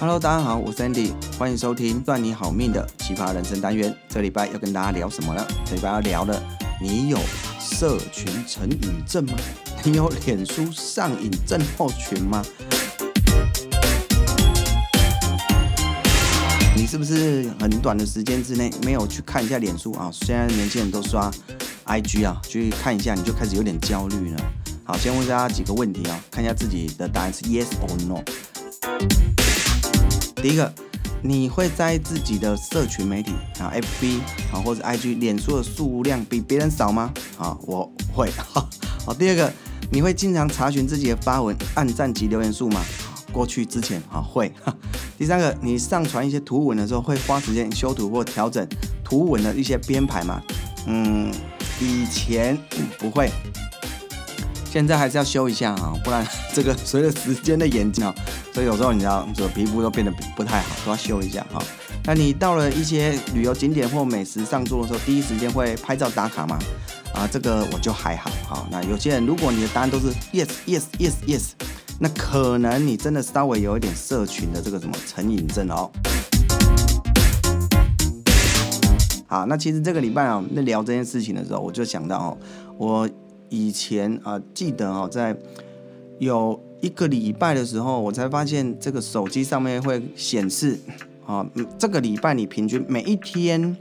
Hello，大家好，我是 Andy，歡迎收聽算你好命的奇葩人生單元。這個禮拜要跟大家聊什麼呢？這個禮拜要聊的，你有社群成癮症嗎？你有臉書上癮症候群嗎？你是不是很短的時間之內沒有去看一下臉書啊？雖然年輕人都刷 IG 啊，去看一下，你就開始有點焦慮了，好，先問大家幾個問題啊，看一下自己的答案是 yes or no。第一個，你會在自己的社群媒體啊，FB 啊或者 IG 臉書的數量比別人少嗎？啊，我會。好， 第二個，你會經常查詢自己的發文按讚及留言數嗎？過去之前啊會。 第三個，你上傳一些圖文的時候會花時間修圖或調整圖文的一些編排嗎？嗯，以前不會。現在還是要修一下啊，不然這個隨着時間的演進啊，所以有時候你知道，這皮膚都變得不太好，都要修一下哈。那你到了一些旅遊景點或美食上桌的時候，第一時間會拍照打卡嗎？啊，這個我就還好哈。那有些人，如果你的答案都是 yes yes yes yes，那可能你真的稍微有一點社群的這個什麼成癮症哦。好，那其實這個禮拜啊，那聊這件事情的時候，我就想到哦，我。以前啊、呃，記得啊、喔，在有一個禮拜的時候，我才發現這個手機上面會顯示啊、呃，這個禮拜你平均每一天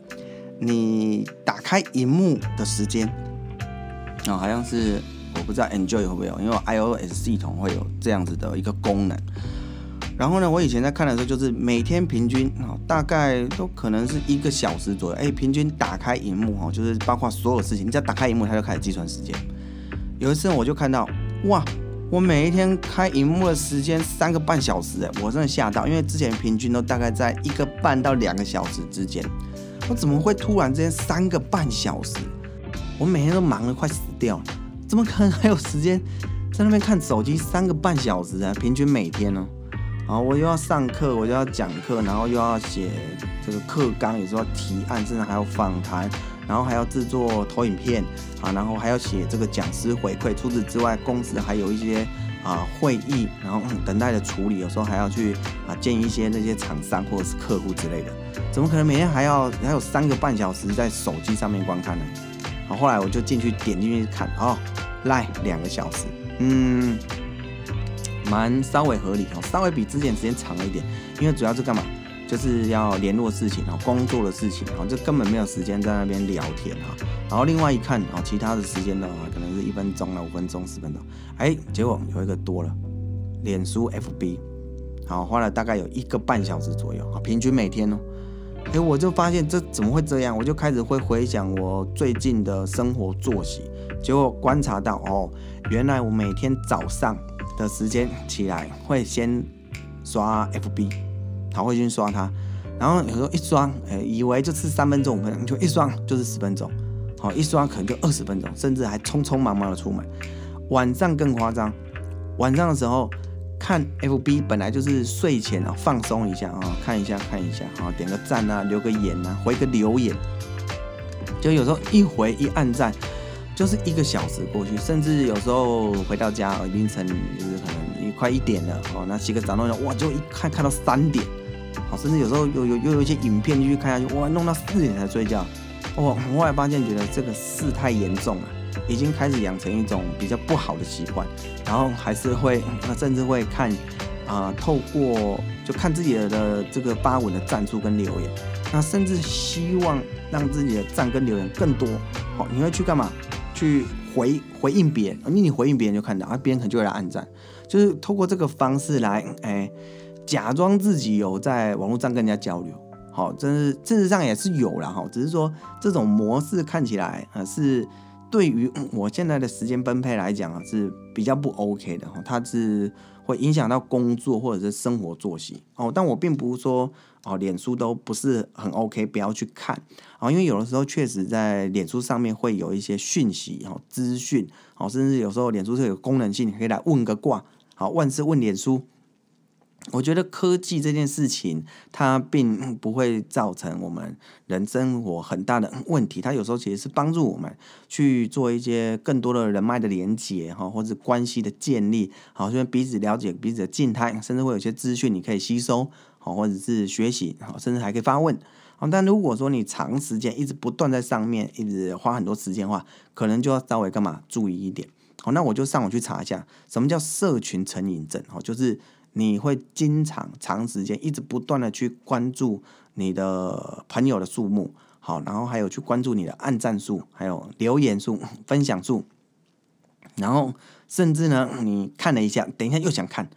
你打開熒幕的時間啊、呃，好像是我不知道，Enjoy 會不會有？因為我 iOS 系統會有這樣子的一個功能。然後呢，我以前在看的時候，就是每天平均啊、呃，大概都可能是一個小時左右。哎、欸，平均打開熒幕哈、喔，就是包括所有事情，你只要打開熒幕，它就開始計算時間。有一次我就看到，哇！我每一天開熒幕的時間三個半小時，哎，我真的嚇到，因為之前平均都大概在一個半到兩個小時之間，我怎麼會突然之間三個半小時？我每天都忙得快死掉，怎麼可能還有時間在那邊看手機三個半小時啊？平均每天呢，然後我又要上課，我又要講課，然後又要寫這個課綱，有時候提案，甚至還有訪談。然後還要製作投影片啊，然後還要寫這個講師回饋。除此之外，公司還有一些啊會議，然後等待的處理，有時候還要去啊見一些那些廠商或者是客戶之類的。怎麼可能每天還要還有三個半小時在手機上面觀看呢？好，後來我就進去點進去看哦，LINE 兩個小時，嗯，蠻稍微合理哦，稍微比之前時間長了一點，因為主要是幹嘛？就是要聯絡事情啊，工作的事情啊，就根本沒有時間在那邊聊天，然後另外一看，其他的時間呢，可能是一分鐘、五分鐘、十分鐘，哎、欸，結果有一個多了，臉書 FB，好，花了大概有一個半小時左右啊，平均每天哦，哎、欸，我就發現這怎麼會這樣？我就開始會回想我最近的生活作息，結果觀察到哦，原來我每天早上的時間起來會先刷 FB。陶慧君，他會去刷它，然後有時候一刷，哎、欸，以為就是三分鐘、五分鐘，就一刷就是十分鐘，好，一刷可能就二十分鐘，甚至還匆匆忙忙的出門。晚上更誇張，晚上的時候看 FB 本來就是睡前啊、哦、放鬆一下啊、哦，看一下看一下啊、哦，點個讚啊，留個言啊，回個留言，就有時候一回一按讚，就是一個小時過去，甚至有時候回到家，哦、凌晨就是可能快一點了哦，那洗個澡弄弄，哇，就一看看到三點。好，甚至有時候有有又有一些影片繼續看下去，哇，弄到四點才睡覺。哇、哦，我後來發現覺得這個事太嚴重了，已經開始養成一種比較不好的習慣。然後還是會，甚至會看，啊、呃，透過就看自己的這個發文的讚數跟留言，那甚至希望讓自己的讚跟留言更多。好、哦，你會去幹嘛？去回回應別人，因為你回應別人就看到，啊，別人可能就會來按讚，就是透過這個方式來，哎、欸。假裝自己有在網絡上跟人家交流，好，真是事實上也是有了哈，只是說這種模式看起來啊是對於我現在的時間分配來講啊是比較不 OK 的哈，它是會影響到工作或者是生活作息哦。但我並不是說哦，臉書都不是很 OK，不要去看啊，因為有的時候確實在臉書上面會有一些訊息哦、資訊哦，甚至有時候臉書是有功能性，可以來問個卦，好，萬事問臉書。我覺得科技這件事情，它並不會造成我們人生活很大的問題。它有時候其實是幫助我們去做一些更多的人脈的連接哈，或者是關係的建立，好，像彼此了解彼此的靜態，甚至會有些資訊你可以吸收，好，或者是學習，好，甚至還可以發問。好，但如果說你長時間一直不斷在上面，一直花很多時間的話，可能就要稍微幹嘛注意一點。好，那我就上網去查一下，什麼叫社群成癮症。哈，就是。你會經常長時間、一直不斷的去關注你的朋友的數目，好，然後還有去關注你的按讚數、還有留言數、分享數，然後甚至呢，你看了一下，等一下又想看，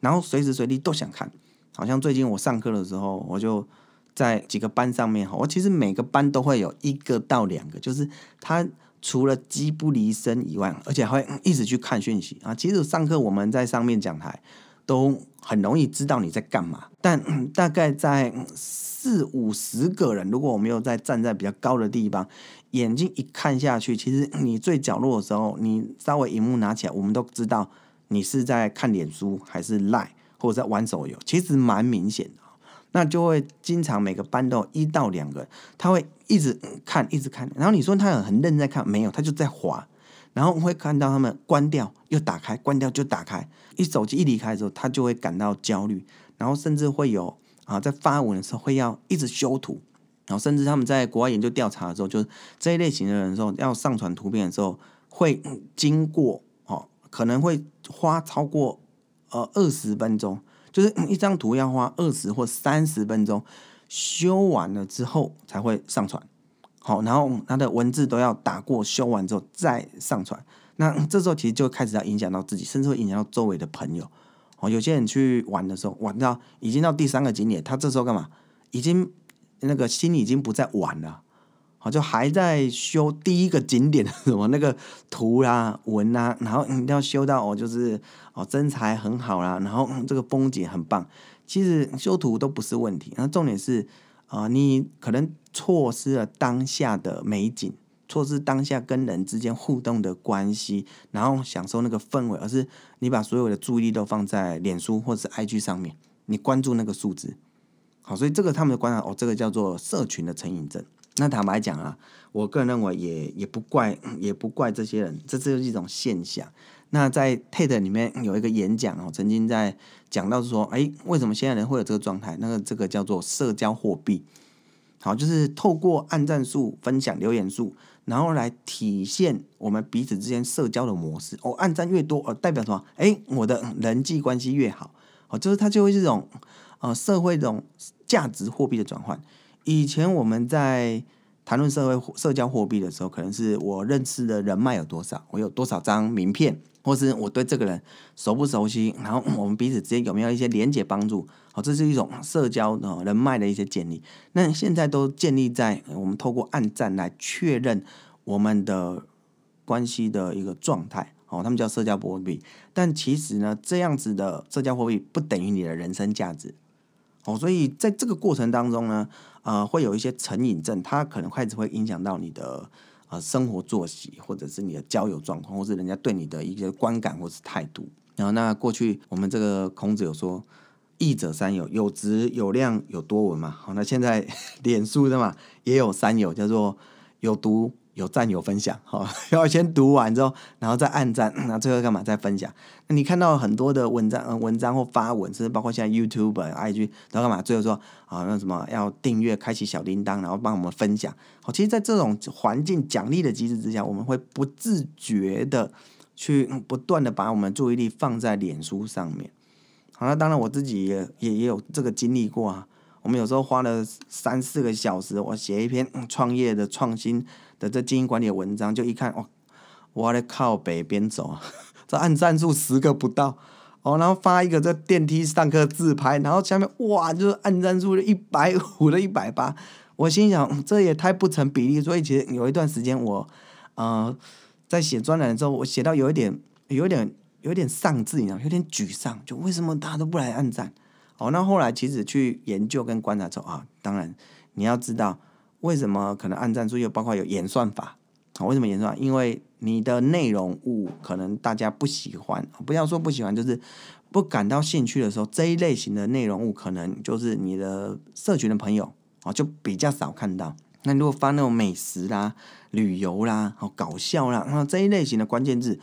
然後隨時隨地都想看。好像最近我上課的時候，我就在幾個班上面，我其實每個班都會有一個到兩個，就是他除了機不離身以外，而且還會、嗯、一直去看訊息啊。其實上課我們在上面講台，都很容易知道你在幹嘛，但大概在四五十個人，如果我沒有在站在比較高的地方，眼睛一看下去，其實你最角落的時候，你稍微熒幕拿起來，我們都知道你是在看臉書還是賴，或者是在玩手遊，其實蠻明顯的。那就會經常每個班都一到兩個人，他會一直看，一直看，然後你說他有很認真在看，沒有，他就在滑。然後我會看到他們關掉又打開，關掉就打開。一手機一離開的時候，他就會感到焦慮，然後甚至會有啊，在發文的時候會要一直修圖，然後甚至他們在國外研究調查的時候，就是這一類型的人，說要上傳圖片的時候，會、嗯、經過哦，可能會花超過呃二十分鐘，就是、嗯、一張圖要花二十或三十分鐘修完了之後才會上傳。好，然後他的文字都要打過修完之後再上傳。那這時候其實就開始要影響到自己，甚至會影響到周圍的朋友。哦，有些人去玩的時候，玩到已經到第三個景點，他這時候幹嘛？已經那個心已經不再玩了，哦，就還在修第一個景點的什麼那個圖啦、啊、文啊，然後一定、嗯、要修到哦，就是哦，身材很好啦、啊，然後、嗯、這個風景很棒。其實修圖都不是問題，然後重點是。啊、呃，你可能錯失了當下的美景，錯失當下跟人之間互動的關係，然後享受那個氛圍，而是你把所有的注意力都放在臉書或是 IG 上面，你關注那個數字。好，所以這個他們的觀察，哦，這個叫做社群的成癮症。那坦白講啊，我個人認為也也不怪、嗯，也不怪這些人，這就是一種現象。那在 TED 裡面有一個演講哦，曾經在講到說，哎、欸，為什麼現在人會有這個狀態？那個這個叫做社交貨幣，好，就是透過按讚數、分享、留言數，然後來體現我們彼此之間社交的模式。哦，按讚越多，哦、呃，代表什麼？哎、欸，我的人際關係越好，哦，就是它就會這種，哦、呃，社會這種價值貨幣的轉換。以前我們在。談論社會社交貨幣的時候，可能是我認識的人脈有多少，我有多少張名片，或是我對這個人熟不熟悉，然後我們彼此之間有沒有一些連接幫助，好，這是一種社交的人脈的一些建立。那現在都建立在我們透過按讚來確認我們的關係的一個狀態。好，他們叫社交貨幣，但其實呢，這樣子的社交貨幣不等於你的人生價值。哦，所以在這個過程當中呢。啊、呃，會有一些成癮症，它可能開始會影響到你的啊、呃、生活作息，或者是你的交友狀況，或是人家對你的一些觀感或是態度。然後，那過去我們這個孔子有說，益者三友，友直、友諒、友多聞嘛。好，那現在臉書的嘛，也有三友，叫做有讀、有讚有分享，好、哦，要先讀完之後，然後再按讚，那最後幹嘛？再分享？那你看到很多的文章、呃、文章或發文，甚至包括現在 YouTube、IG，然後幹嘛？最後說啊、哦，那什麼要訂閱、開啟小鈴鐺，然後幫我們分享。好、哦，其實，在這種環境獎勵的機制之下，我們會不自覺的去、嗯、不斷的把我們注意力放在臉書上面。好，那當然我自己也也也有這個經歷過啊。我們有時候花了三四個小時，我寫、一篇創業的創新的這經營管理的文章，就一看，哇，哦，我的靠北，北邊走啊，這按讚數十個不到哦，然後發一個在電梯上課自拍，然後下面哇，就是按讚數就一百五的一百八，我心想，嗯，這也太不成比例，所以其實有一段時間我，呃，在寫專欄的時候，我寫到有一點，有一點，有一點喪志，你知道，有點沮喪，就為什麼大家都不來按讚？哦，那後來其實去研究跟觀察之後啊，當然你要知道為什麼可能按贊數又包括有演算法啊？為什麼演算法？因為你的內容物可能大家不喜歡，啊、不要說不喜歡，就是不感到興趣的時候，這一類型的內容物可能就是你的社群的朋友啊就比較少看到。那你如果發那種美食啦、旅遊啦、好、啊、搞笑啦，那這一類型的關鍵字。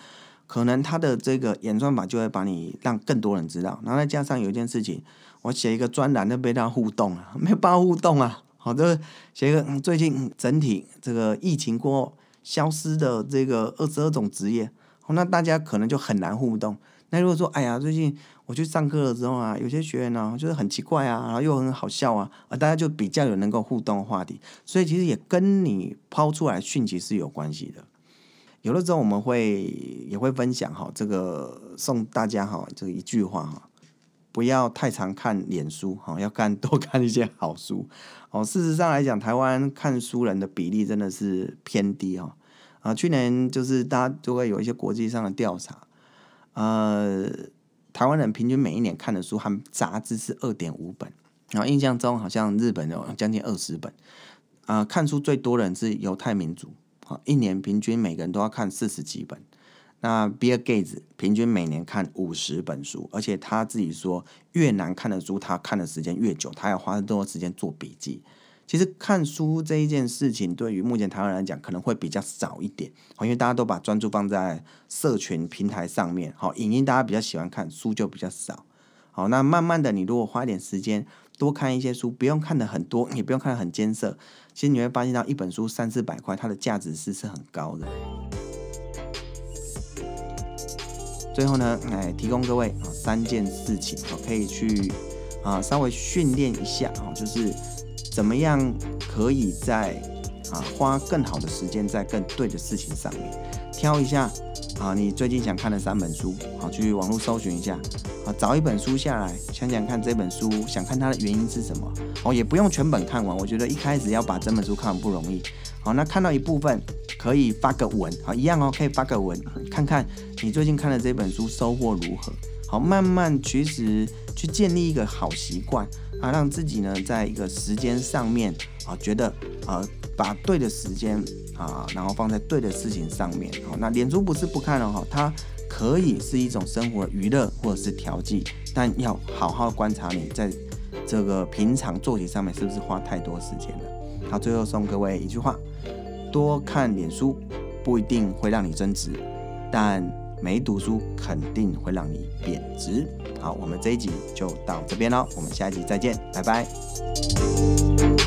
可能他的這個演算法就會把你讓更多人知道，然後再加上有一件事情，我寫一個專欄都被大家互動了、啊，沒辦法互動啊。好的，寫一個、嗯、最近整體這個疫情過後消失的這個二十二種職業，那大家可能就很難互動。那如果說，哎呀，最近我去上課的時候啊，有些學員呢、啊、就是很奇怪啊，然後又很好笑啊，啊，大家就比較有能夠互動的話題，所以其實也跟你拋出來訊息是有關係的。有的時候我們會也會分享哈，這個送大家哈，這一句話哈，不要太常看臉書哈，要看多看一些好書哦。事實上來講，台灣看書人的比例真的是偏低哈啊、哦呃。去年就是大家都會有一些國際上的調查，呃，台灣人平均每一年看的書含雜誌是二點五本，然後印象中好像日本有將近二十本啊、呃。看書最多人是猶太民族。一年平均每個人都要看四十幾本。那 Bill Gates 平均每年看五十本書，而且他自己說，越難看的書，他看的時間越久，他要花更多時間做筆記。其實看書這一件事情，對於目前台灣來講，可能會比較少一點，因為大家都把專注放在社群平台上面。好，影音大家比較喜歡看，書就比較少。好，那慢慢的，你如果花一點時間，多看一些書，不用看的很多，也不用看得很艱澀，其實你會發現到一本書三四百塊，它的價值是是很高的。最後呢，來提供各位啊三件事情，好，可以去啊稍微訓練一下啊，就是怎麼樣可以在啊花更好的時間在更對的事情上面，挑一下啊你最近想看的三本書，好，去網絡搜尋一下。啊，找一本書下來，想想看這本書想看它的原因是什麼。哦，也不用全本看完，我覺得一開始要把整本書看完不容易。好，那看到一部分可以發個文，啊，一樣哦，可以發個文，看看你最近看的這本書收穫如何。好，慢慢其實去建立一個好習慣，啊，讓自己呢在一個時間上面啊，覺得啊、呃、把對的時間啊，然後放在對的事情上面。好，那臉書不是不看了、哦、哈，它可以是一種生活娛樂。或者是調劑，但要好好觀察你在這個平常作息上面是不是花太多時間了。好，最後送各位一句話：多看點書不一定會讓你增值，但沒讀書肯定會讓你貶值。好，我們這一集就到這邊了，我們下一集再見，拜拜。